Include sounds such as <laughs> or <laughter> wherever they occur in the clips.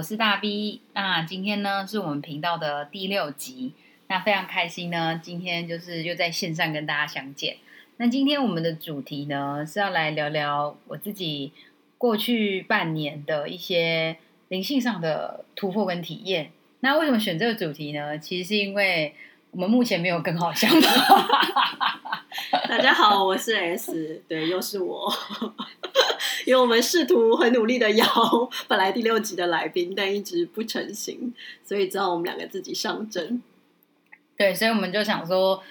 我是大 V，那今天呢是我們頻道的第六集，那非常開心呢，今天就是又在線上跟大家相見。那今天我們的主題呢是要來聊聊我自己過去半年的一些靈性上的突破跟體驗。那為什麼選這個主題呢？其實是因為。我們目前沒有更好想法。 <laughs> 大家好，我是 S，, S, <laughs> 對，又是我。 <laughs> 因為我們試圖很努力的邀本來第六集的來賓，但一直不成型，所以只好我們兩個自己上陣。對，所以我們就想說，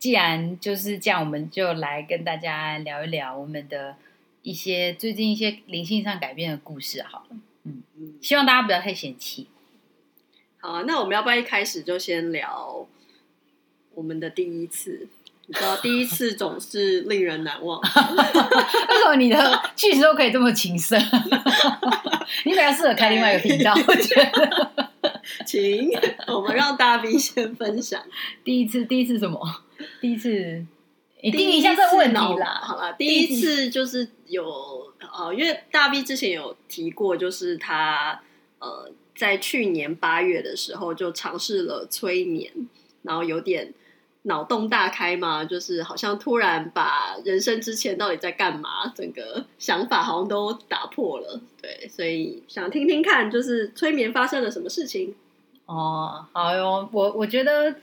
既然就是這樣，我們就來跟大家聊一聊我們的一些最近一些靈性上改變的故事，好了，嗯，希望大家不要太嫌棄。好啊，那我們要不要一開始就先聊？我們的第一次，你知道，第一次總是令人難忘。 <laughs> <laughs> 為什麼你的句子都可以這麼情深？ <laughs> 你比較適合開另外一個頻道， <laughs> 我覺得。 <laughs> 請，我們讓大 V 先分享。第一次，第一次什麼？第一次，欸、定義一下這個問題啦。好啦，第一次就是有、呃、因為大 V 之前有提過，就是他呃，在去年八月的時候就嘗試了催眠，然後有點。腦洞大開嘛，就是好像突然把人生之前到底在幹嘛，整個想法好像都打破了。對，所以想聽聽看，就是催眠發生了什麼事情？哦，好喲，我我覺得，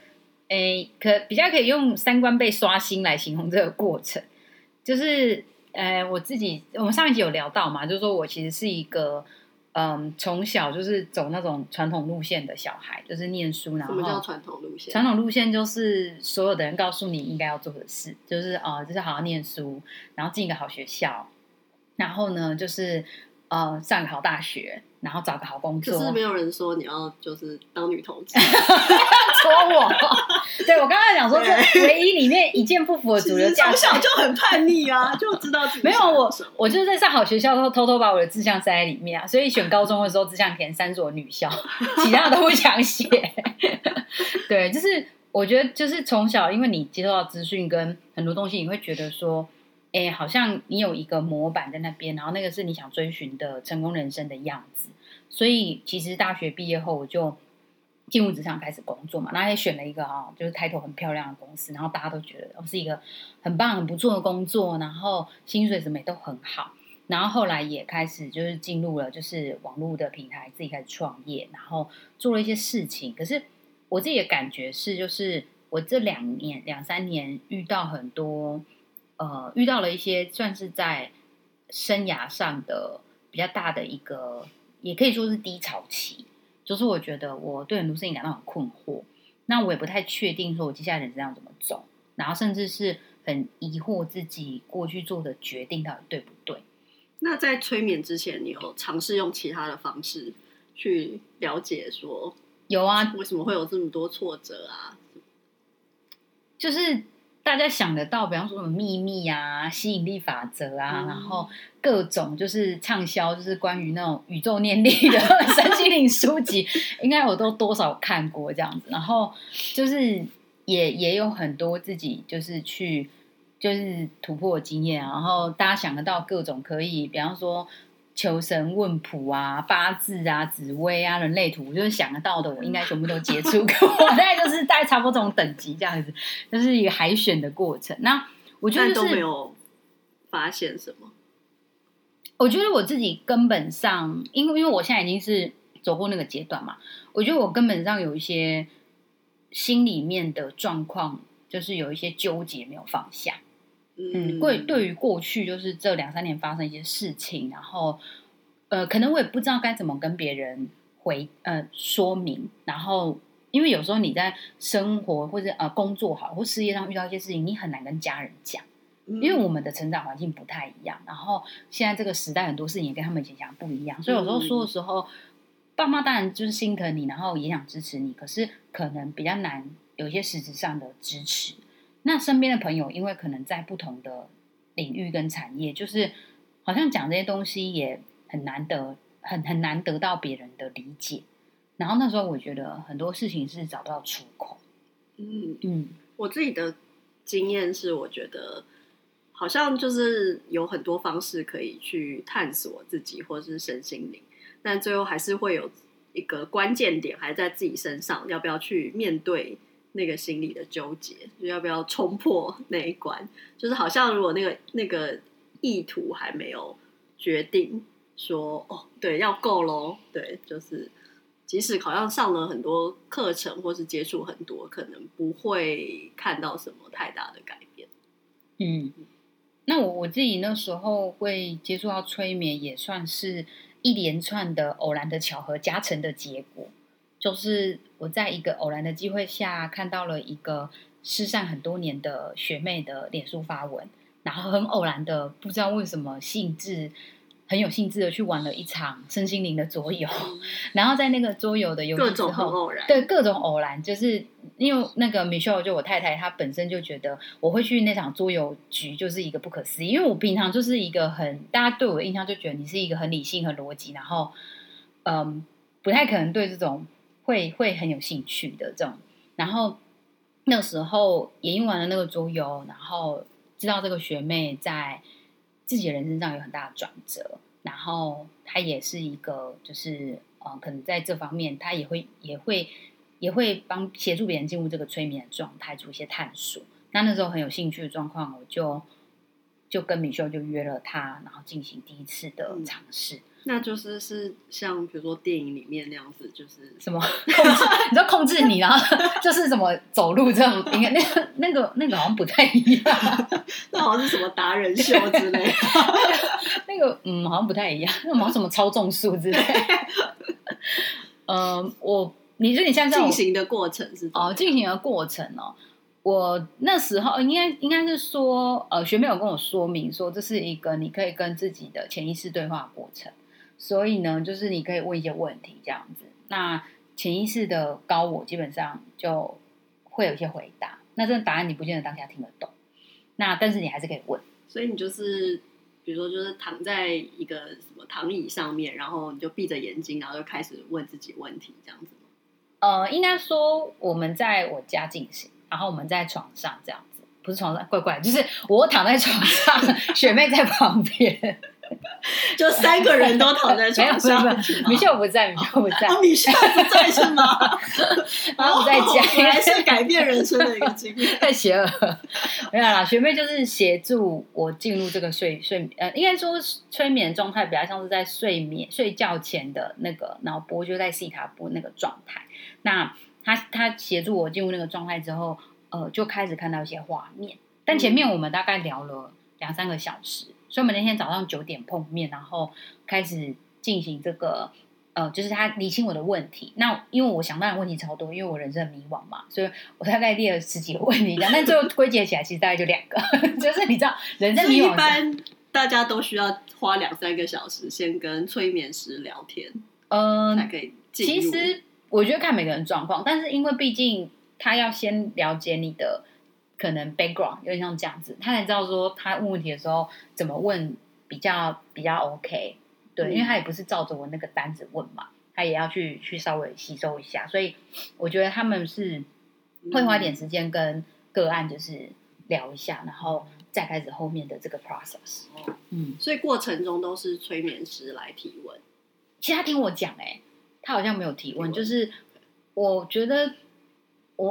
欸，可比較可以用三觀被刷新來形容這個過程。就是，呃，我自己，我們上一集有聊到嘛，就是說我其實是一個。嗯，從小就是走那種傳統路線的小孩，就是念書，然後什麼叫傳統路線？傳統路線就是所有的人告訴你應該要做的事，就是啊、嗯，就是好好念書，然後進一個好學校，然後呢，就是。呃，上個好大學，然後找個好工作。可是沒有人說你要就是當女同志，戳 <laughs> 我。 <laughs> 對，我剛剛講說，這唯一裡面一件不符合主流，從小就很叛逆啊， <laughs> 就知道自己沒有我，我就是在上好學校的時候偷偷把我的志向塞在裡面啊，所以選高中的時候志向填三所女校， <laughs> 其他都不想寫。 <laughs> 對，就是我覺得就是從小，因為你接受到資訊跟很多東西，你會覺得說。哎，好像你有一個模板在那邊，然後那個是你想追尋的成功人生的樣子。所以其實大學畢業後我就進入職場開始工作嘛，然後也選了一個啊、哦，就是 title 很漂亮的公司，然後大家都覺得哦是一個很棒、很不錯的工作，然後薪水什麼也都很好。然後後來也開始就是進入了就是網絡的平台自己開始創業，然後做了一些事情。可是我自己的感覺是，就是我這兩年兩三年遇到很多。呃，遇到了一些算是在生涯上的比較大的一個，也可以說是低潮期。就是我覺得我對很多事情感到很困惑，那我也不太確定說我接下來人生要怎麼走，然後甚至是很疑惑自己過去做的決定到底對不對。那在催眠之前，你有嘗試用其他的方式去了解說，有啊，為什麼會有這麼多挫折啊？就是。大家想得到，比方說什麼祕密啊、吸引力法則啊，嗯、然後各種就是暢銷，就是關於那種宇宙念力的身心靈書籍， <laughs> 應該我都多少看過這樣子。然後就是也也有很多自己就是去就是突破經驗，然後大家想得到各種可以，比方說。求神問卜啊，八字啊，紫微啊，人類圖，我就是想得到的，我應該全部都接觸過。我大概就是大概差不多這種等級這樣子，就是一個海選的過程。那我覺得、就是、但都沒有發現什麼。我覺得我自己根本上，因為因為我現在已經是走過那個階段嘛，我覺得我根本上有一些心裡面的狀況，就是有一些糾結沒有放下。嗯，對對於過去就是這兩三年發生一些事情，然後，呃，可能我也不知道該怎麼跟別人回呃說明，然後因為有時候你在生活或者呃工作好或事業上遇到一些事情，你很難跟家人講，嗯、因為我們的成長環境不太一樣，然後現在這個時代很多事情也跟他們以前講的不一樣，所以有時候說的時候，嗯、爸媽當然就是心疼你，然後也想支持你，可是可能比較難有一些實質上的支持。那身邊的朋友，因為可能在不同的領域跟產業，就是好像講這些東西也很難得，很很難得到別人的理解。然後那時候我覺得很多事情是找不到出口。嗯嗯，嗯我自己的經驗是，我覺得好像就是有很多方式可以去探索自己或是身心靈，但最後還是會有一個關鍵點還在自己身上，要不要去面對。那個心理的糾結，就是、要不要衝破那一關？就是好像如果那個那個意圖還沒有決定說，說哦，對，要夠咯，對，就是即使好像上了很多課程，或是接觸很多，可能不會看到什麼太大的改變。嗯，那我我自己那時候會接觸到催眠，也算是一連串的偶然的巧合加成的結果。就是我在一個偶然的機會下看到了一個失散很多年的學妹的臉書發文，然後很偶然的，不知道為什麼興致很有興致的去玩了一場身心靈的桌遊，然後在那個桌遊的遊戲之後，各種偶然，對，各種偶然，就是因為那個 Michelle，就我太太，她本身就覺得我會去那場桌遊局就是一個不可思議，因為我平常就是一個很，大家對我的印象就覺得你是一個很理性和邏輯，然後嗯，不太可能對這種。會會很有興趣的這種，然後那時候也用完了那個桌遊，然後知道這個學妹在自己的人生上有很大的轉折，然後她也是一個就是呃，可能在這方面她也會也會也會幫協助別人進入這個催眠的狀態做一些探索。那那時候很有興趣的狀況，我就就跟米秀就約了她，然後進行第一次的嘗試。嗯。那就是是像比如說電影裡面那樣子，就是什麼，控制你說控制你，然後就是什麼走路，這樣那，那個那個那個好像不太一樣，那 <laughs> 好像是什麼達人秀之類的。 <laughs> 那個嗯，好像不太一樣，那忙什麼操縱術之類的。呃、嗯，我你覺你像是進行的過程是？哦，進行的過程哦，我那時候應該應該是說，呃，學妹有跟我說明說，這是一個你可以跟自己的潛意識對話的過程。所以呢，就是你可以問一些問題，這樣子。那潛意識的高我基本上就會有一些回答。那這個答案你不見得當下聽得懂，那但是你還是可以問。所以你就是，比如說，就是躺在一個什麼躺椅上面，然後你就閉着眼睛，然後就開始問自己問題，這樣子。呃，應該說我們在我家進行，然後我們在床上這樣子，不是床上，怪怪，就是我躺在床上，雪 <laughs> 妹在旁邊。就三個人都躺在床上，沒有，米秀不在，米秀不在，啊、米秀不在 <laughs> 是嗎？然後我在家，哦，原來是改變人生的一個經歷，太邪惡。沒有啦，學妹就是協助我進入這個睡睡，呃，應該說催眠狀態比較像是在睡眠睡覺前的那個腦波，就在西塔波那個狀態。那他他協助我進入那個狀態之後，呃，就開始看到一些畫面。但前面我們大概聊了兩三個小時。嗯所以我們那天早上九點碰面，然後開始進行這個，呃，就是他理清我的問題。那因為我想到的問題超多，因為我人生迷惘嘛，所以我大概列了十幾個問題，但最後歸結起來其實大概就兩個， <laughs> <laughs> 就是你知道人生迷惘。一般大家都需要花兩三個小時先跟催眠師聊天，嗯、呃，才可以。其實我覺得看每個人狀況，但是因為畢竟他要先了解你的。可能 background 有點像這樣子，他才知道說他問問題的時候怎麼問比較比較 OK，對，嗯、因為他也不是照着我那個單子問嘛，他也要去去稍微吸收一下，所以我覺得他們是會花點時間跟個案就是聊一下，嗯、然後再開始後面的這個 process，嗯，嗯，所以過程中都是催眠師來提問，其實他聽我講哎、欸，他好像沒有提問，提問，就是我覺得。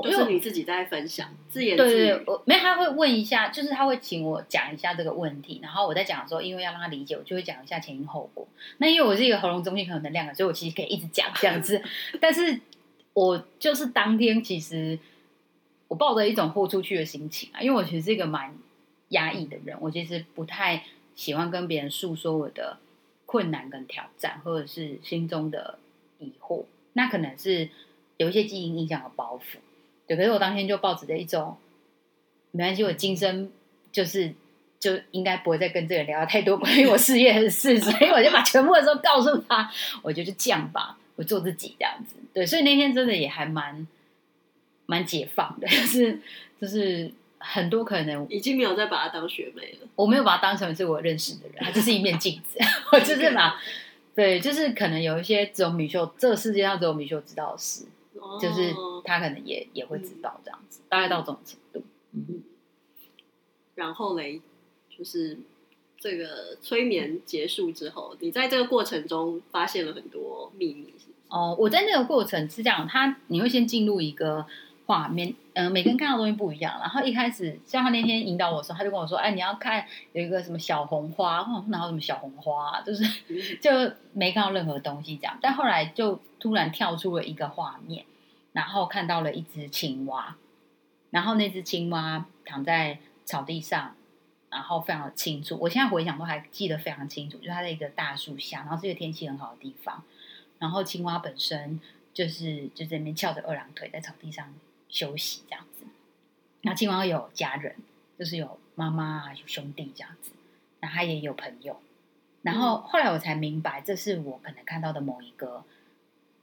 就是你自己在分享，我自言自語。對、對、對，我沒有，他會問一下，就是他會請我講一下這個問題，然後我在講的時候，因為要讓他理解，我就會講一下前因後果。那因為我是一個喉嚨中心很有能量的，所以我其實可以一直講這樣子。 <laughs> 但是我就是當天，其實我抱着一種豁出去的心情啊，因為我其實是一個蠻壓抑的人，我其實不太喜歡跟別人訴說我的困難跟挑戰，或者是心中的疑惑。那可能是有一些基因影響的包袱。對，可是我當天就抱着的一種，沒關係，我今生就是就應該不會再跟這個人聊太多關於我事業的事，所以我就把全部的事都告訴他。我就去這樣吧，我做自己這樣子。對，所以那天真的也還蠻蠻解放的，就是就是很多可能已經沒有再把他當學妹了，我沒有把他當成是我認識的人，他就是一面鏡子， <laughs> 我就是把對，就是可能有一些只有米秀，這個世界上只有米秀知道的事。就是他可能也也會知道這樣子，嗯、大概到這種程度。嗯、然後嘞，就是這個催眠結束之後，你在這個過程中發現了很多秘密是是。哦，我在那個過程是這樣，他你會先進入一個畫面。嗯，每個人看到的東西不一樣。然後一開始，像他那天引導我的時候，他就跟我說：“哎，你要看有一個什麼小紅花，哦，然後什麼小紅花啊，就是就沒看到任何東西。”這樣，但後來就突然跳出了一個畫面，然後看到了一隻青蛙，然後那隻青蛙躺在草地上，然後非常的清楚。我現在回想都還記得非常清楚，就是它在一個大樹下，然後是一個天氣很好的地方，然後青蛙本身就是就在那邊翹着二郎腿在草地上。休息這樣子，那青蛙有家人，就是有媽媽啊，有兄弟這樣子。那他也有朋友。然後後來我才明白，這是我可能看到的某一個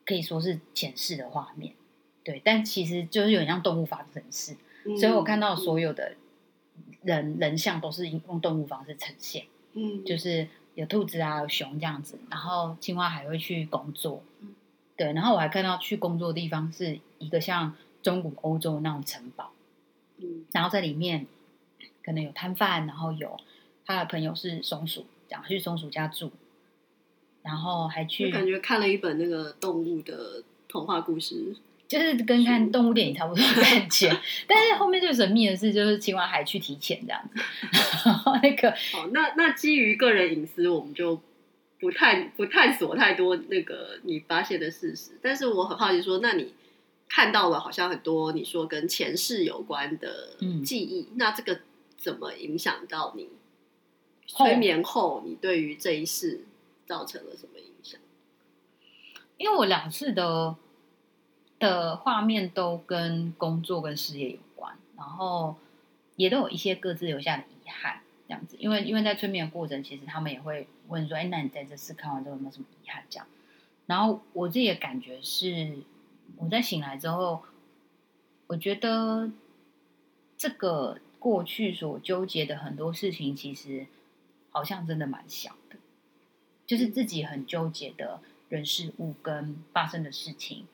可以說是前世的畫面。對，但其實就是有點像動物化的形式，嗯、所以我看到所有的人、嗯、人像都是用動物方式呈現。嗯，就是有兔子啊、有熊這樣子。然後青蛙還會去工作。對。然後我還看到去工作的地方是一個像。中古歐洲那種城堡，然後在裡面可能有攤販，然後有他的朋友是松鼠，講去松鼠家住，然後還去感覺看了一本那個動物的童話故事，就是跟看動物電影差不多在感覺。 <laughs> 但是後面最神秘的是，就是青蛙還去提前這樣子，那個哦，那那基於個人隱私，我們就不探不探索太多那個你發現的事實。但是我很好奇說，說那你。看到了好像很多你說跟前世有關的記憶，嗯、那這個怎麼影響到你？後催眠後，你對於這一世造成了什麼影響？因為我兩次的的畫面都跟工作跟事業有關，然後也都有一些各自留下的遺憾。這樣子，因為因為在催眠的過程，其實他們也會問說：“哎、欸，那你在這次看完之後有沒有什麼遺憾？”這樣，然後我自己的感覺是。我在醒來之後，我覺得這個過去所糾結的很多事情，其實好像真的蠻小的，就是自己很糾結的人事物跟發生的事情，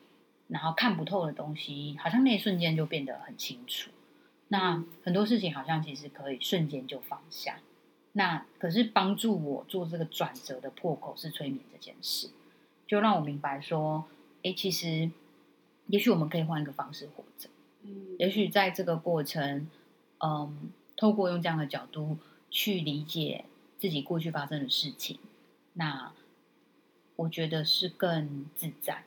然後看不透的東西，好像那一瞬間就變得很清楚。那很多事情好像其實可以瞬間就放下。那可是幫助我做這個轉折的破口是催眠這件事，就讓我明白說：哎，其實。也許我們可以換一個方式活着，也許在這個過程，嗯，透過用這樣的角度去理解自己過去發生的事情，那我覺得是更自在。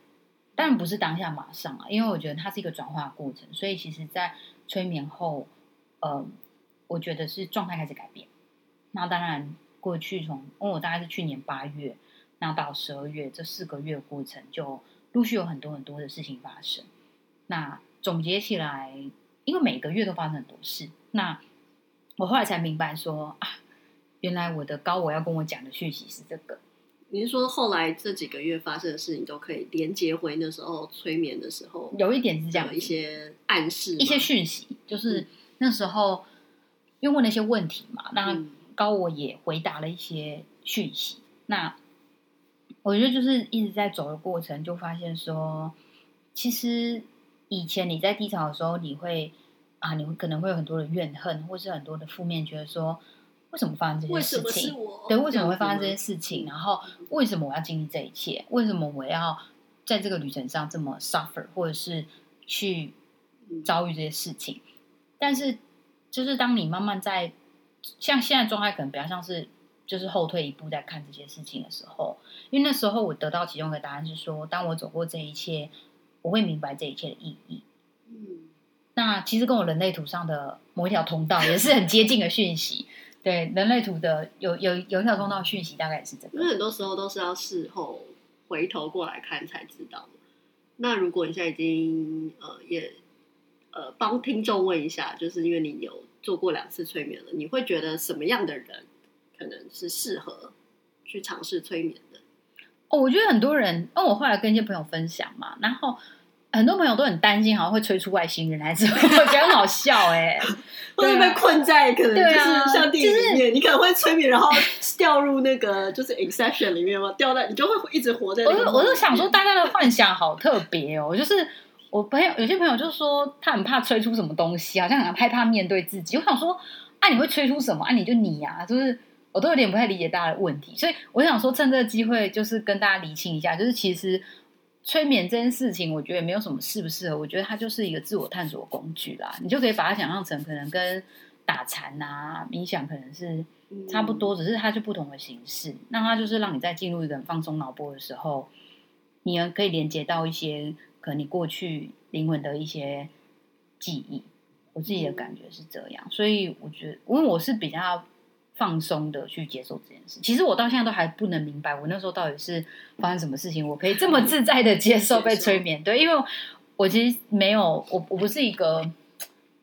當然不是當下馬上啊，因為我覺得它是一個轉化的過程，所以其實，在催眠後，嗯，我覺得是狀態開始改變。那當然，過去從因為我大概是去年八月，那到十二月這四個月的過程就。陸續有很多很多的事情發生，那總結起來，因為每個月都發生很多事，那我後來才明白說，啊，原來我的高我要跟我講的訊息是這個。你是說後來這幾個月發生的事情都可以連接回那時候催眠的時候？有一點是講一些暗示，一些訊息，就是那時候因為問了一些問題嘛，那高我也回答了一些訊息，那。我覺得就是一直在走的過程，就發現說，其實以前你在低潮的時候，你會啊，你會可能會有很多的怨恨，或是很多的負面，覺得說為什麼發生這些事情？對，為什麼會發生這些事情？然後為什麼我要經歷這一切？為什麼我要在這個旅程上這麼 suffer，或者是去遭遇這些事情？嗯。但是就是當你慢慢在像現在狀態，可能比較像是。就是後退一步在看這些事情的時候，因為那時候我得到其中的答案是說，當我走過這一切，我會明白這一切的意義。嗯，那其實跟我人類圖上的某一條通道也是很接近的訊息。 <laughs> 對，人類圖的有有有一條通道訊息，大概也是這個。因為很多時候都是要事後回頭過來看才知道的。那如果你現在已經呃也呃幫聽眾問一下，就是因為你有做過兩次催眠了，你會覺得什麼樣的人？可能是適合去嘗試催眠的哦。我覺得很多人，因為我後來跟一些朋友分享嘛，然後很多朋友都很擔心，好像會催出外星人來，什麼？我覺得很好笑哎、欸，會被困在嗎可能就是像電影裡面，啊就是、你可能會催眠，然後掉入那個就是 Inception 裡面嘛，掉在你就會一直活在我。我就我就想說，大家的幻想好特別哦。 <laughs> 就是我朋友有些朋友就說，他很怕催出什麼東西，好像很害怕面對自己。我想說，啊你會催出什麼？啊你就你呀、啊，就是。我都有點不太理解大家的問題，所以我想說，趁這個機會，就是跟大家釐清一下，就是其實催眠這件事情，我覺得也沒有什麼適不適合，我覺得它就是一個自我探索工具啦，你就可以把它想象成可能跟打禪啊、冥想可能是差不多，嗯、只是它就不同的形式。那它就是讓你在進入一個人放鬆腦波的時候，你也可以連接到一些可能你過去靈魂的一些記憶。我自己的感覺是這樣，所以我覺得，因為我是比較。放鬆的去接受這件事。其實我到現在都還不能明白，我那時候到底是發生什麼事情，我可以這麼自在的接受被催眠。 <laughs> 對，因為我，我其實沒有，我我不是一個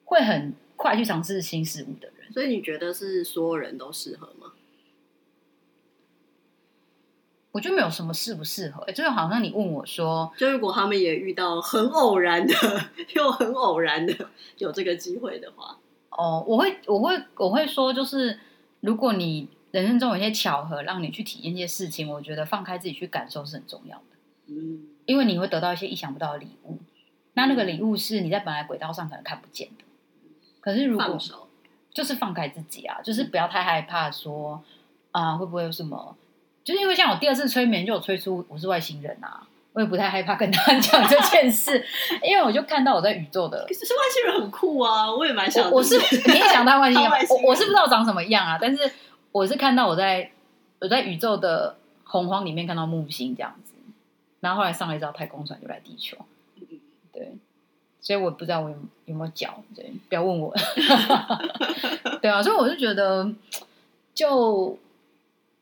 會很快去嘗試新事物的人。所以你覺得是所有人都適合嗎？我就沒有什麼適不適合。欸，就好像你問我說，就如果他們也遇到很偶然的，又很偶然的有這個機會的話，哦，我會，我會，我會說，就是。如果你人生中有一些巧合，讓你去體驗一些事情，我覺得放開自己去感受是很重要的。嗯、因為你會得到一些意想不到的禮物。那那個禮物是你在本來軌道上可能看不見的。可是如果就是放開自己啊，放手就是不要太害怕說、嗯、啊會不會有什麼？就是因為像我第二次催眠就有催出我是外星人啊。我也不太害怕跟他講這件事， <laughs> 因為我就看到我在宇宙的，可是外星人很酷啊，我也蠻想。我是你想到外星人，星人我我是不知道長什麼樣啊，但是我是看到我在我在宇宙的洪荒裡面看到木星這樣子，然後後來上了一艘太空船就來地球，對，所以我不知道我有有沒有腳，對，不要問我， <laughs> 對啊，所以我就覺得，就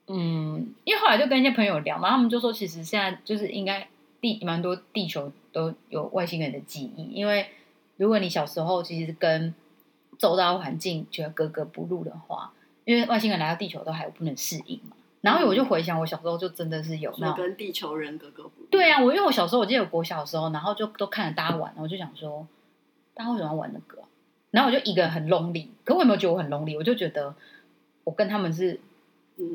嗯，因為後來就跟一些朋友聊嘛，他們就說其實現在就是應該。地蠻多地球都有外星人的記憶，因為如果你小時候其實跟周遭環境覺得格格不入的話，因為外星人來到地球都還不能適應嘛。然後我就回想我小時候，就真的是有那種跟地球人格格不入。對啊，我因為我小時候，我記得我國小的時候，然後就都看着大家玩，然後我就想說，大家為什麼要玩那個？然後我就一個人很 lonely。可我有沒有覺得我很 lonely，我就覺得我跟他們是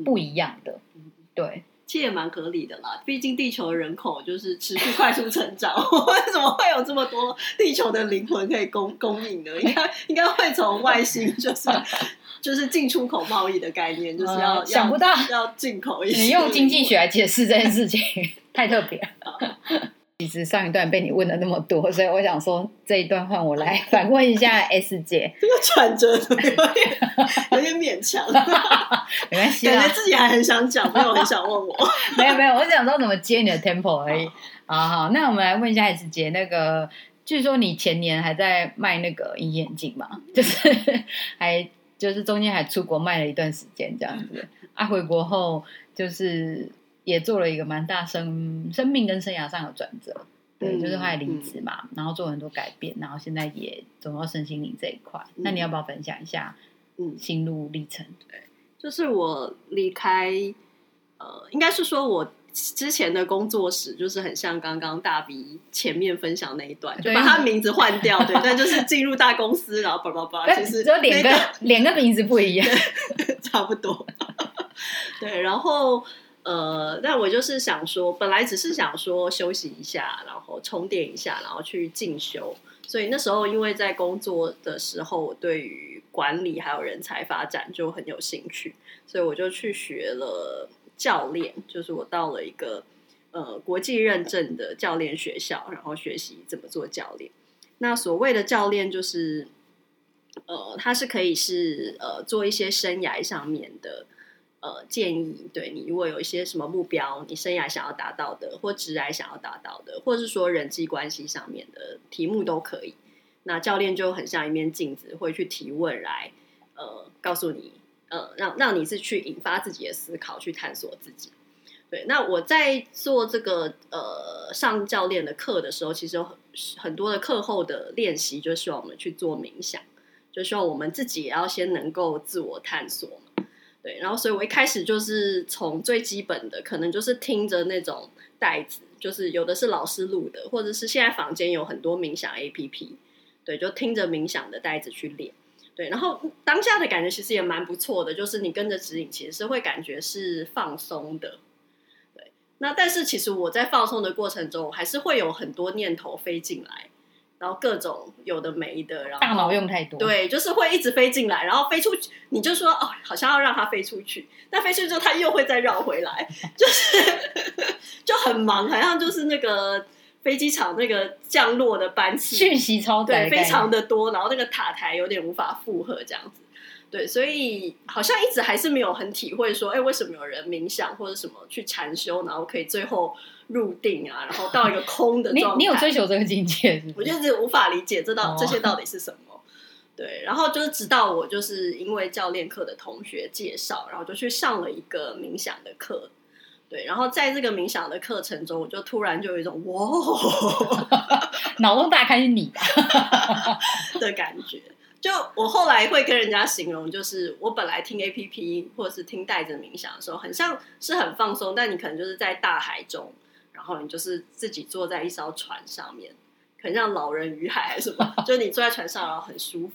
不一樣的。嗯嗯、對。這也蠻合理的啦，畢竟地球人口就是持續快速成長， <laughs> 為什麼會有這麼多地球的靈魂可以供供應呢？應該應該會從外星就是 <laughs> 就是進出口貿易的概念，就是要、嗯、要想不到要進口一些。你用經濟學來解釋這件事情， <laughs> 太特別了。 <laughs> 其實上一段被你問了那麼多，所以我想說這一段換我來反問一下 S 姐。 這個轉折有點勉強，沒關係。感覺自己還很想講，沒有 <laughs> 很想問我。 <laughs> 沒有沒有，我是想說怎麼接你的 tempo 而已。好、啊、好，那我們來問一下 S 姐，那個據說你前年還在賣那個隱形眼鏡嘛，就是還就是中間還出國賣了一段時間這樣子。對啊，回國後就是。也做了一個蠻大生，生命跟生涯上的轉折，對，嗯、就是他離職嘛，嗯、然後做了很多改變，然後現在也走到身心靈這一塊。嗯、那你要不要分享一下？嗯，心路歷程。對，就是我離開，呃，應該是說我之前的工作室，就是很像剛剛大 V 前面分享那一段，就把他名字換掉，對，那對 <laughs> 就是進入大公司，然後叭叭叭。其實就兩、是、個兩 <laughs> 個名字不一樣，差不多。 <laughs> 對，然後。呃，但我就是想說，本來只是想說休息一下，然後充電一下，然後去進修。所以那時候因為在工作的時候，我對於管理還有人才發展就很有興趣，所以我就去學了教練。就是我到了一個呃國際認證的教練學校，然後學習怎麼做教練。那所謂的教練，就是呃，他是可以是呃做一些生涯上面的。呃，建議對你如果有一些什麼目標，你生涯想要達到的，或職涯想要達到的，或者是說人際關係上面的題目都可以。那教練就很像一面鏡子，會去提問來，呃，告訴你，呃，讓讓你是去引發自己的思考，去探索自己。對，那我在做這個呃上教練的課的時候，其實有很很多的課後的練習，就希望我們去做冥想，就希望我們自己也要先能夠自我探索。對，然後所以，我一開始就是從最基本的，可能就是聽着那種帶子，就是有的是老師錄的，或者是現在坊間有很多冥想 APP，對，就聽着冥想的帶子去練。對，然後當下的感覺其實也蠻不錯的，就是你跟着指引，其實是會感覺是放鬆的。對，那但是其實我在放鬆的過程中，還是會有很多念頭飛進來。然後各種有的沒的，然後大腦用太多，對，就是會一直飛進來，然後飛出去，你就說哦，好像要讓它飛出去，但飛出去之後它又會再繞回來，就是 <laughs> <laughs> 就很忙，好像就是那個飛機場那個降落的班次，訊息超多，對，非常的多，念然後那個塔台有點無法負荷這樣子，對，所以好像一直還是沒有很體會說，哎，為什麼有人冥想或者什麼去禪修，然後可以最後。入定啊，然後到一個空的狀態。 <laughs> 你，你有追求這個境界是不是？我就是無法理解這道、oh. 這些到底是什麼。對，然後就是直到我就是因為教練課的同學介紹，然後就去上了一個冥想的課。對，然後在這個冥想的課程中，我就突然就有一種哇、哦， <laughs> 腦洞大開是你的 <laughs> 的感覺。就我後來會跟人家形容，就是我本來聽 APP 或者是聽帶着冥想的時候，很像是很放鬆，但你可能就是在大海中。然後你就是自己坐在一艘船上面，很像老人與海還是什麼？就你坐在船上，然後很舒服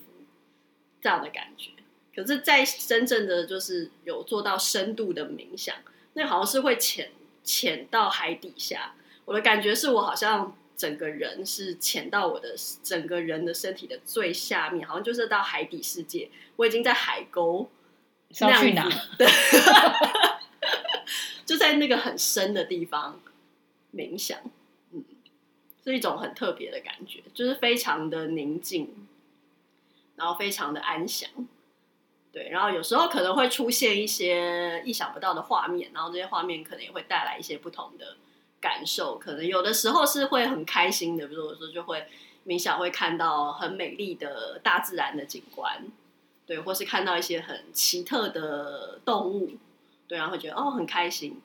<laughs> 這樣的感覺。可是，在真正的就是有做到深度的冥想，那好像是會潛潛到海底下。我的感覺是我好像整個人是潛到我的整個人的身體的最下面，好像就是到海底世界。我已經在海溝，要消氣 去哪？對， <laughs> <laughs> 就在那個很深的地方。冥想，嗯，是一種很特別的感覺，就是非常的寧靜，然後非常的安詳，對。然後有時候可能會出現一些意想不到的畫面，然後這些畫面可能也會帶來一些不同的感受。可能有的時候是會很開心的，比如說就會冥想會看到很美麗的大自然的景觀，對，或是看到一些很奇特的動物，對，然後會覺得，哦，很開心。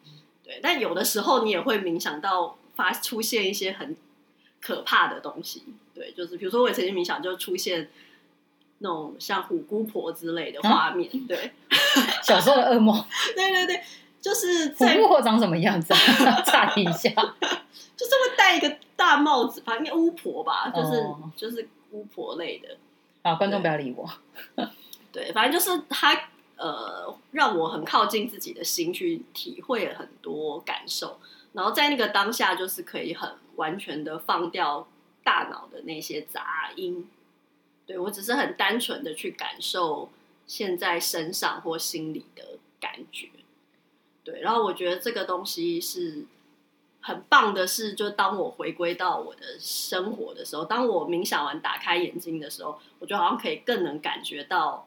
對，但有的時候你也會冥想到發出現一些很可怕的東西。對，就是比如說我也曾經冥想就出現那種像虎姑婆之類的畫面。蛤對， <laughs> 小時候的噩夢。對，對對對，就是在虎姑婆長什麼樣子、啊？ <laughs> 猜一下，就是會戴一個大帽子，反正應該巫婆吧，就是、哦、就是巫婆類的。啊，觀眾不要理我對。對，反正就是他。呃，讓我很靠近自己的心去體會很多感受，然後在那個當下就是可以很完全的放掉大腦的那些雜音。對，我只是很單純的去感受現在身上或心裡的感覺。對，然後我覺得這個東西是很棒的是，是就當我回歸到我的生活的時候，當我冥想完打開眼睛的時候，我就好像可以更能感覺到，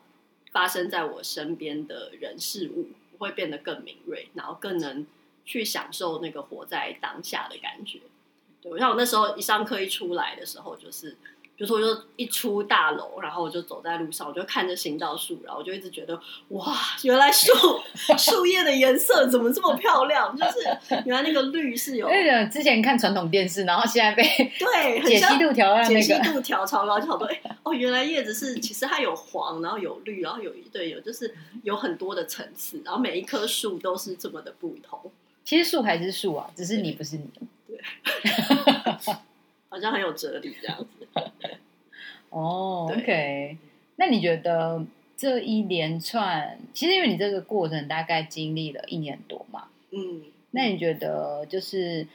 發生在我身邊的人事物，我會變得更敏銳，然後更能去享受那個活在當下的感覺。對，像我那時候一上課一出來的時候，就是。比如說，就我就一出大樓，然後我就走在路上，我就看着行道樹，然後我就一直覺得，哇，原來樹樹葉的顏色怎麼這麼漂亮？ <laughs> 就是原來那個綠是有那個之前看傳統電視，然後現在被對很像解析度調那個解析度調超高，就好多、欸。哦，原來葉子是其實它有黃，然後有綠，然後有一對有就是有很多的層次，然後每一棵樹都是這麼的不同。其實樹還是樹啊，只是你不是你。對。對 <laughs> 好像很有哲理這樣子 <laughs> 哦，哦對，OK。那你覺得這一連串，其實因為你這個過程大概經歷了一年多嘛，嗯，那你覺得就是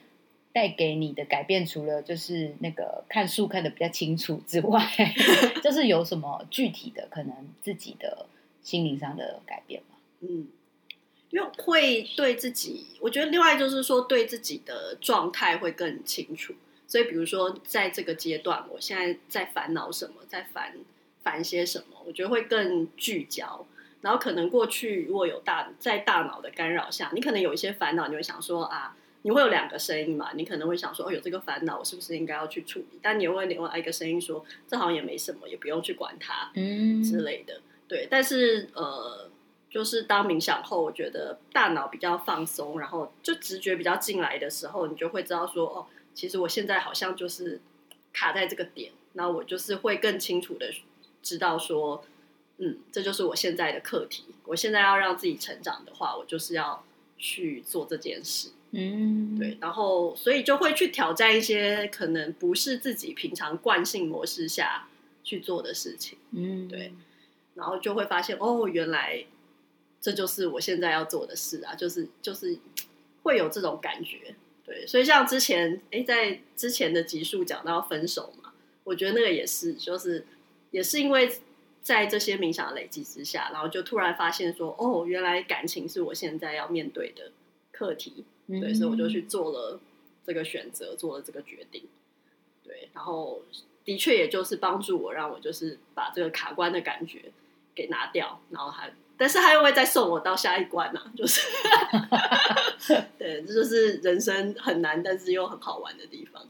帶給你的改變，除了就是那個看樹看得比較清楚之外， <laughs> 就是有什麼具體的可能自己的心靈上的改變嗎？嗯，因為會對自己，我覺得另外就是說，對自己的狀態會更清楚。所以，比如說，在這個階段，我現在在煩惱什麼，在煩煩些什麼，我覺得會更聚焦。然後，可能過去如果有大在大腦的干擾下，你可能有一些煩惱，你會想說啊，你會有兩個聲音嘛？你可能會想說，哦，有這個煩惱，我是不是應該要去處理？但你會，另外一個聲音說，這好像也沒什麼，也不用去管它，嗯之類的。對。但是，呃，就是當冥想後，我覺得大腦比較放鬆，然後就直覺比較進來的時候，你就會知道說，哦。其實我現在好像就是卡在這個點，然後我就是會更清楚的知道說，嗯，這就是我現在的課題。我現在要讓自己成長的話，我就是要去做這件事。嗯，對。然後，所以就會去挑戰一些可能不是自己平常慣性模式下去做的事情。嗯，對。然後就會發現，哦，原來這就是我現在要做的事啊！就是就是會有這種感覺。對，所以像之前，誒，在之前的集數講到分手嘛，我覺得那個也是，就是也是因為在這些冥想的累積之下，然後就突然發現說，哦，原來感情是我現在要面對的課題，對，所以我就去做了這個選擇，做了這個決定，對，然後的確也就是幫助我，讓我就是把這個卡關的感覺給拿掉，然後還。但是他又會再送我到下一關吶，啊，就是， <laughs> <laughs> 對，這就是人生很難，但是又很好玩的地方。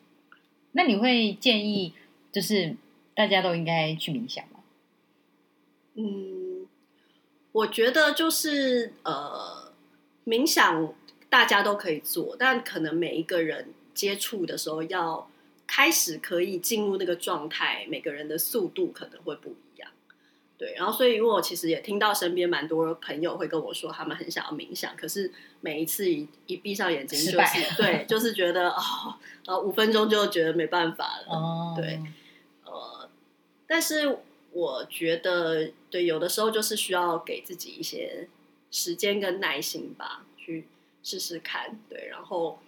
那你會建議，就是大家都應該去冥想嗎？嗯，我覺得就是呃，冥想大家都可以做，但可能每一個人接觸的時候，要開始可以進入那個狀態，每個人的速度可能會不。對，然後所以我其實也聽到身邊蠻多的朋友會跟我說，他們很想要冥想，可是每一次一一閉上眼睛就是了，對，就是覺得哦，呃，五分鐘就覺得沒辦法了。哦，對，呃，但是我覺得，對，有的時候就是需要給自己一些時間跟耐心吧，去試試看。對，然後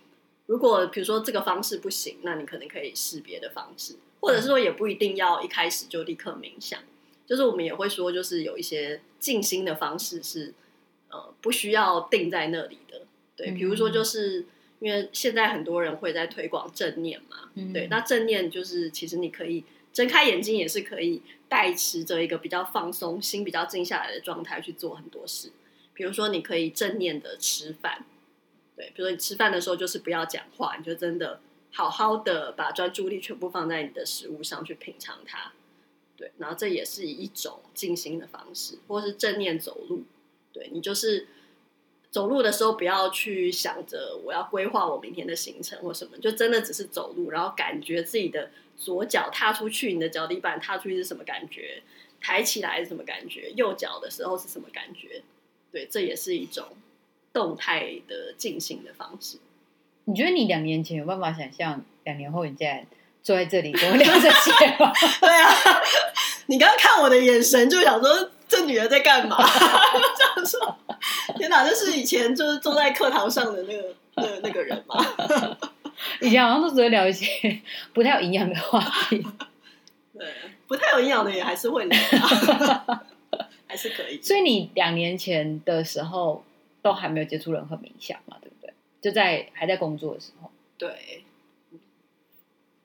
如果比如說這個方式不行，那你可能可以試別的方式，或者是說也不一定要一開始就立刻冥想。就是我們也會說，就是有一些靜心的方式是，呃，不需要定在那裡的。對，比如說，就是因為現在很多人會在推廣正念嘛，對，那正念就是其實你可以睜開眼睛也是可以，保持著一個比較放鬆、心比較靜下來的狀態去做很多事。比如說，你可以正念的吃飯，對，比如說你吃飯的時候就是不要講話，你就真的好好的把專注力全部放在你的食物上去品嘗它。對，然後這也是一種靜心的方式，或是正念走路。對，你就是走路的時候不要去想着我要規劃我明天的行程或什麼，就真的只是走路，然後感覺自己的左腳踏出去，你的腳底板踏出去是什麼感覺？抬起來是什麼感覺？右腳的時候是什麼感覺？對，這也是一種動態的靜心的方式。你覺得你兩年前有辦法想象兩年後你在……坐在這裡跟我聊這些嗎？ <laughs> 對啊，你剛剛看我的眼神就想說這女的在幹嘛？ <laughs> 這樣說，天哪，就是以前就是坐在課堂上的那個那，那個人嗎？以 <laughs> 前好像都只會聊一些不太有營養的話題，對啊，不太有營養的也還是會聊， <laughs> 還是可以。所以你兩年前的時候都還沒有接觸任何冥想嘛？對不對？就在還在工作的時候，對。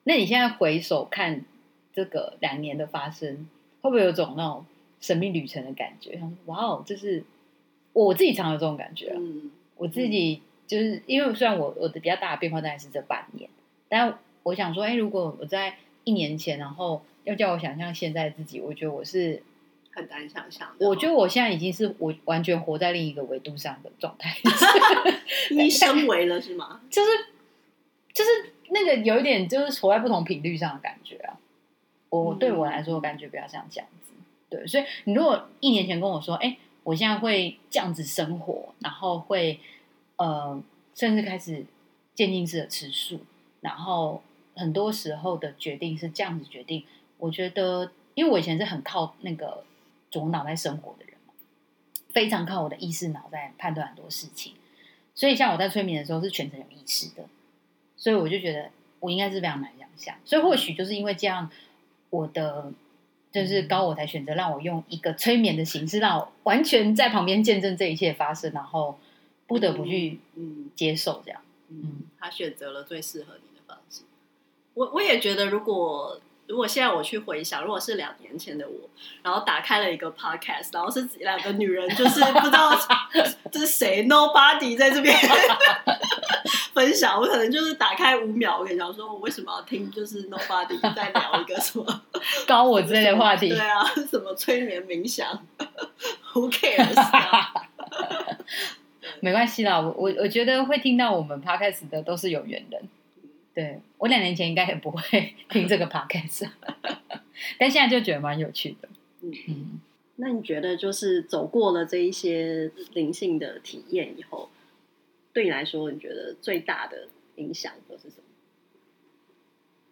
那你現在回首看這個兩年的發生，會不會有種那種神秘旅程的感覺？想說哇哦，就是我自己常有這種感覺啊。嗯，我自己就是因為雖然我我的比較大的變化當然是這半年，但我想說，哎、欸，如果我在一年前，然後要叫我想象現在自己，我覺得我是很難想象的。我覺得我現在已經是我完全活在另一個維度上的狀態，你升維了 <laughs> 是嗎？就是，就是。那個有一點就是活在不同頻率上的感覺啊，我對我來說，我感覺比較像這樣子，對。所以你如果一年前跟我說，哎，我現在會這樣子生活，然後會呃，甚至開始漸進式的吃素，然後很多時候的決定是這樣子決定。我覺得，因為我以前是很靠那個左腦在生活的人，非常靠我的意識腦在判斷很多事情，所以像我在催眠的時候是全程有意識的。所以我就覺得我應該是非常難想象所以或許就是因為這樣，我的就是高我，才選擇讓我用一個催眠的形式，讓我完全在旁邊見證這一切發生，然後不得不去嗯接受這樣。嗯，嗯嗯嗯，他選擇了最適合你的方式。我我也覺得，如果如果現在我去回想，如果是兩年前的我，然後打開了一個 podcast，然後是兩個女人，就是不知道這 <laughs> 是誰 <laughs> ，Nobody 在這邊。 <laughs> 分享我可能就是打開五秒，我跟你講，說我為什麼要聽，就是 nobody 在聊一個什麼高我之類的話題，對啊，什麼催眠冥想，Who <laughs> cares、啊、沒關係啦。我我我覺得會聽到我們 podcast 的都是有緣人。對我兩年前應該也不會聽這個 podcast，、嗯、但現在就覺得蠻有趣的。嗯，嗯那你覺得就是走過了這一些靈性的體驗以後？對你來說，你覺得最大的影響都是什麼？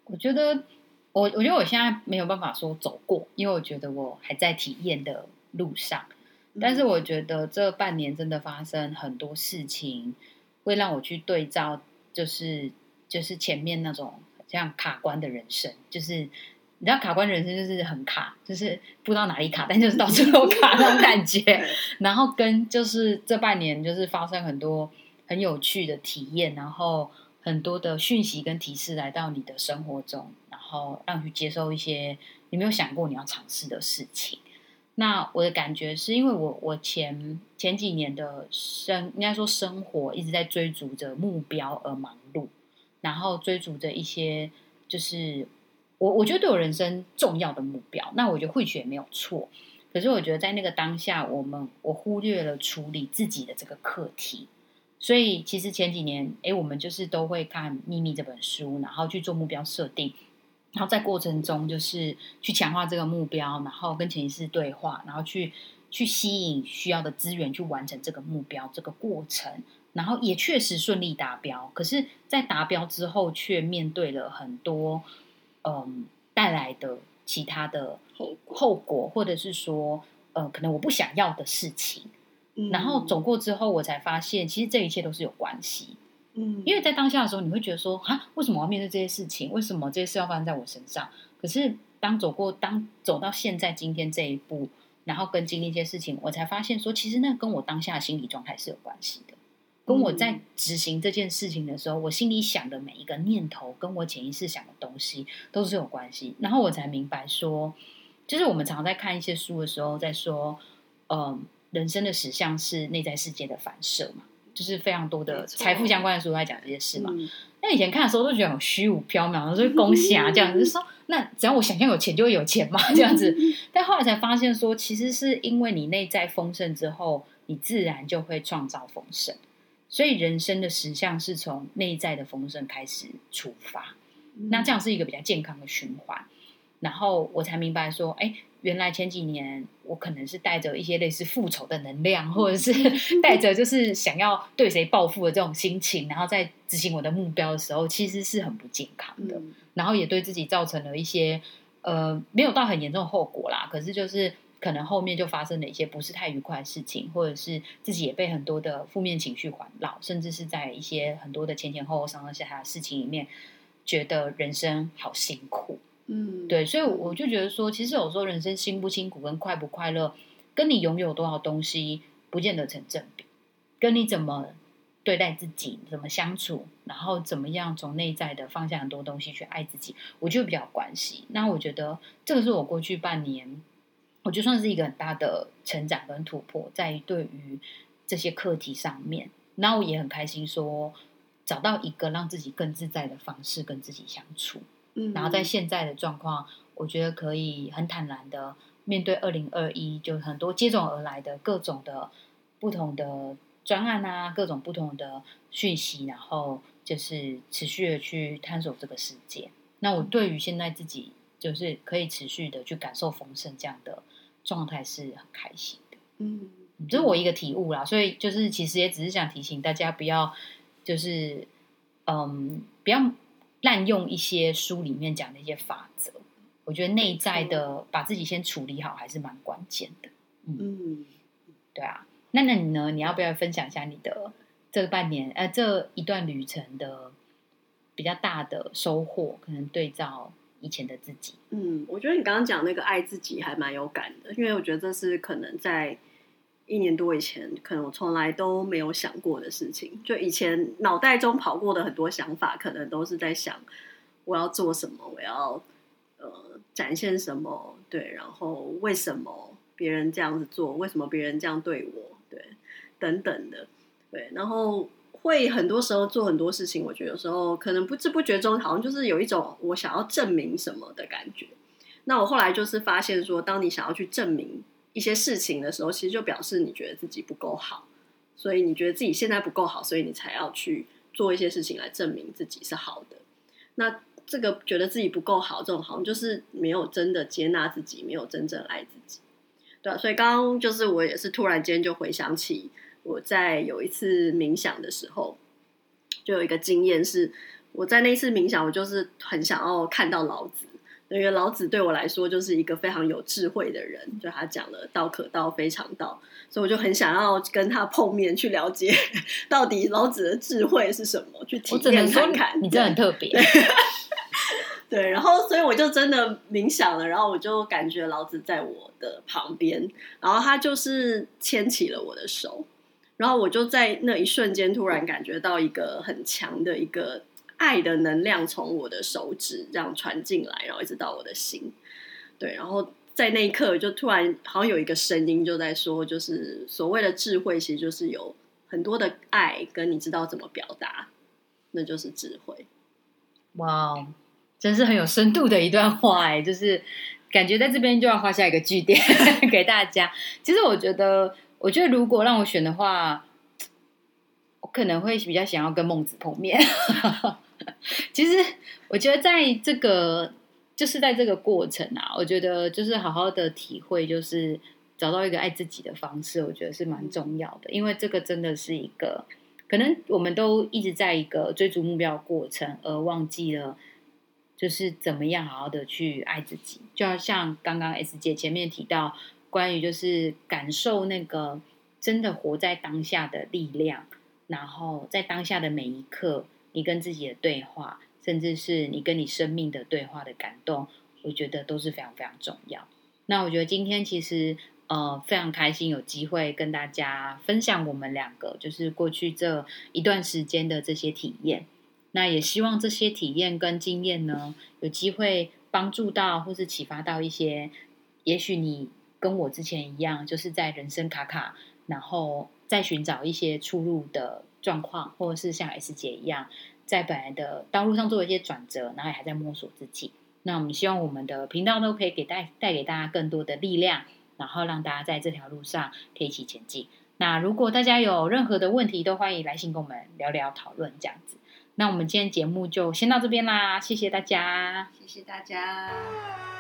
我覺得我，我我覺得我現在沒有辦法說走過，因為我覺得我還在體驗的路上。但是我覺得這半年真的發生很多事情，會讓我去對照，就是就是前面那種像卡關的人生，就是你知道卡關的人生就是很卡，就是不知道哪裡卡，但就是到最後卡那種感覺。 <laughs> <laughs> 然後跟就是這半年就是發生很多，很有趣的體驗，然後很多的訊息跟提示來到你的生活中，然後讓你去接受一些你沒有想過你要嘗試的事情。那我的感覺是，因為我我前前幾年的生應該說生活一直在追逐着目標而忙碌，然後追逐着一些就是我我覺得對我人生重要的目標。那我覺得會覺也沒有錯，可是我覺得在那個當下，我們我忽略了處理自己的這個課題。所以其實前幾年，誒、欸，我們就是都會看《祕密》這本書，然後去做目標設定，然後在過程中就是去強化這個目標，然後跟潛意識對話，然後去去吸引需要的資源去完成這個目標這個過程，然後也確實順利達標。可是，在達標之後，卻面對了很多嗯、呃、帶來的其他的後後果，或者是說呃，可能我不想要的事情。然後走過之後，我才發現，其實這一切都是有關係。嗯，因為在當下的時候，你會覺得說，哈，為什麼要面對這些事情？為什麼這些事要發生在我身上？可是，當走過，當走到現在今天這一步，然後跟經歷一些事情，我才發現說，其實那跟我當下的心理狀態是有關係的，嗯、跟我在執行這件事情的時候，我心裡想的每一個念頭，跟我潛意識想的東西都是有關係。然後我才明白說，就是我們常常在看一些書的時候，在說，嗯、呃。人生的實相是內在世界的反射嘛，就是非常多的財富相關的書在講這些事嘛。那以前看的時候都覺得很虛無縹緲，就以恭喜啊這樣子說，嗯、那只要我想象有錢就會有錢嘛這樣子。嗯、但後來才發現說，其實是因為你內在豐盛之後，你自然就會創造豐盛。所以人生的實相是從內在的豐盛開始出發，嗯、那這樣是一個比較健康的循環。然後我才明白說，哎、欸。原來前幾年，我可能是帶着一些類似復仇的能量，或者是帶着就是想要對誰報復的這種心情，然後在執行我的目標的時候，其實是很不健康的，然後也對自己造成了一些呃沒有到很嚴重的後果啦。可是就是可能後面就發生了一些不是太愉快的事情，或者是自己也被很多的負面情緒環繞，甚至是在一些很多的前前後後上上下下的事情裡面，覺得人生好辛苦。嗯，對，所以我就覺得說，其實有時候人生辛不辛苦跟快不快樂，跟你擁有多少東西不見得成正比，跟你怎麼對待自己，怎麼相處，然後怎麼樣從內在的放下很多東西去愛自己，我就比較關係。那我覺得這個是我過去半年，我就算是一個很大的成長跟突破，在對於這些課題上面，那我也很開心說，找到一個讓自己更自在的方式跟自己相處。然後在現在的狀況，嗯、哼我覺得可以很坦然的面對二零二一，就很多接踵而來的各種的不同的專案啊，各種不同的訊息，然後就是持續的去探索這個世界。那我對於現在自己就是可以持續的去感受豐盛這樣的狀態是很開心的。嗯哼，這是我一個體悟啦。所以就是其實也只是想提醒大家不要，就是嗯，不要。濫用一些書裡面講的一些法則，我覺得內在的把自己先處理好還是蠻關鍵的。嗯，嗯對啊，那那你呢？你要不要分享一下你的這半年，呃，這一段旅程的比較大的收穫？可能對照以前的自己。嗯，我覺得你剛剛講那個愛自己還蠻有感的，因為我覺得這是可能在。一年多以前，可能我從來都沒有想過的事情，就以前腦袋中跑過的很多想法，可能都是在想我要做什麼，我要呃展現什麼，對，然後為什麼別人這樣子做，為什麼別人這樣對我，對，等等的，對，然後會很多時候做很多事情，我覺得有時候可能不知不覺中，好像就是有一種我想要證明什麼的感覺。那我後來就是發現說，當你想要去證明，一些事情的時候，其實就表示你覺得自己不夠好，所以你覺得自己現在不夠好，所以你才要去做一些事情來證明自己是好的。那這個覺得自己不夠好這種好像就是沒有真的接納自己，沒有真正愛自己，對啊，所以剛剛就是我也是突然間就回想起我在有一次冥想的時候，就有一個經驗是我在那次冥想，我就是很想要看到老子。因為老子對我來說就是一個非常有智慧的人，就他講了“道可道非常道”，所以我就很想要跟他碰面，去了解到底老子的智慧是什麼，嗯、去體驗看看。真的你這慨你很特別，對，對， <laughs> 對。然後，所以我就真的冥想了，然後我就感覺老子在我的旁邊，然後他就是牽起了我的手，然後我就在那一瞬間突然感覺到一個很強的一個。愛的能量從我的手指這樣傳進來，然後一直到我的心，對，然後在那一刻就突然好像有一個聲音就在說，就是所謂的智慧，其實就是有很多的愛，跟你知道怎麼表達，那就是智慧。哇，wow, 真是很有深度的一段話哎、欸，就是感覺在這邊就要畫下一個句點 <laughs> 給大家。其實我覺得，我覺得如果讓我選的話，我可能會比較想要跟孟子碰面。 <laughs> 其實，我覺得在這個就是在這個過程啊，我覺得就是好好的體會，就是找到一個愛自己的方式，我覺得是蠻重要的。因為這個真的是一個，可能我們都一直在一個追逐目標過程，而忘記了就是怎麼樣好好的去愛自己。就要像剛剛 S 姐前面提到，關於就是感受那個真的活在當下的力量，然後在當下的每一刻，你跟自己的對話，甚至是你跟你生命的對話的感動，我覺得都是非常非常重要。那我覺得今天其實呃非常開心有機會跟大家分享我們兩個就是過去這一段時間的這些體驗。那也希望這些體驗跟經驗呢，有機會幫助到或是啟發到一些，也許你跟我之前一樣，就是在人生卡卡，然後在尋找一些出路的。狀況，或者是像 S 姐一樣，在本來的道路上做一些轉折，然後也還在摸索自己。那我們希望我們的頻道都可以給帶帶給大家更多的力量，然後讓大家在這條路上可以一起前進。那如果大家有任何的問題，都歡迎來信跟我們聊聊討論這樣子。那我們今天節目就先到這邊啦，謝謝大家，謝謝大家。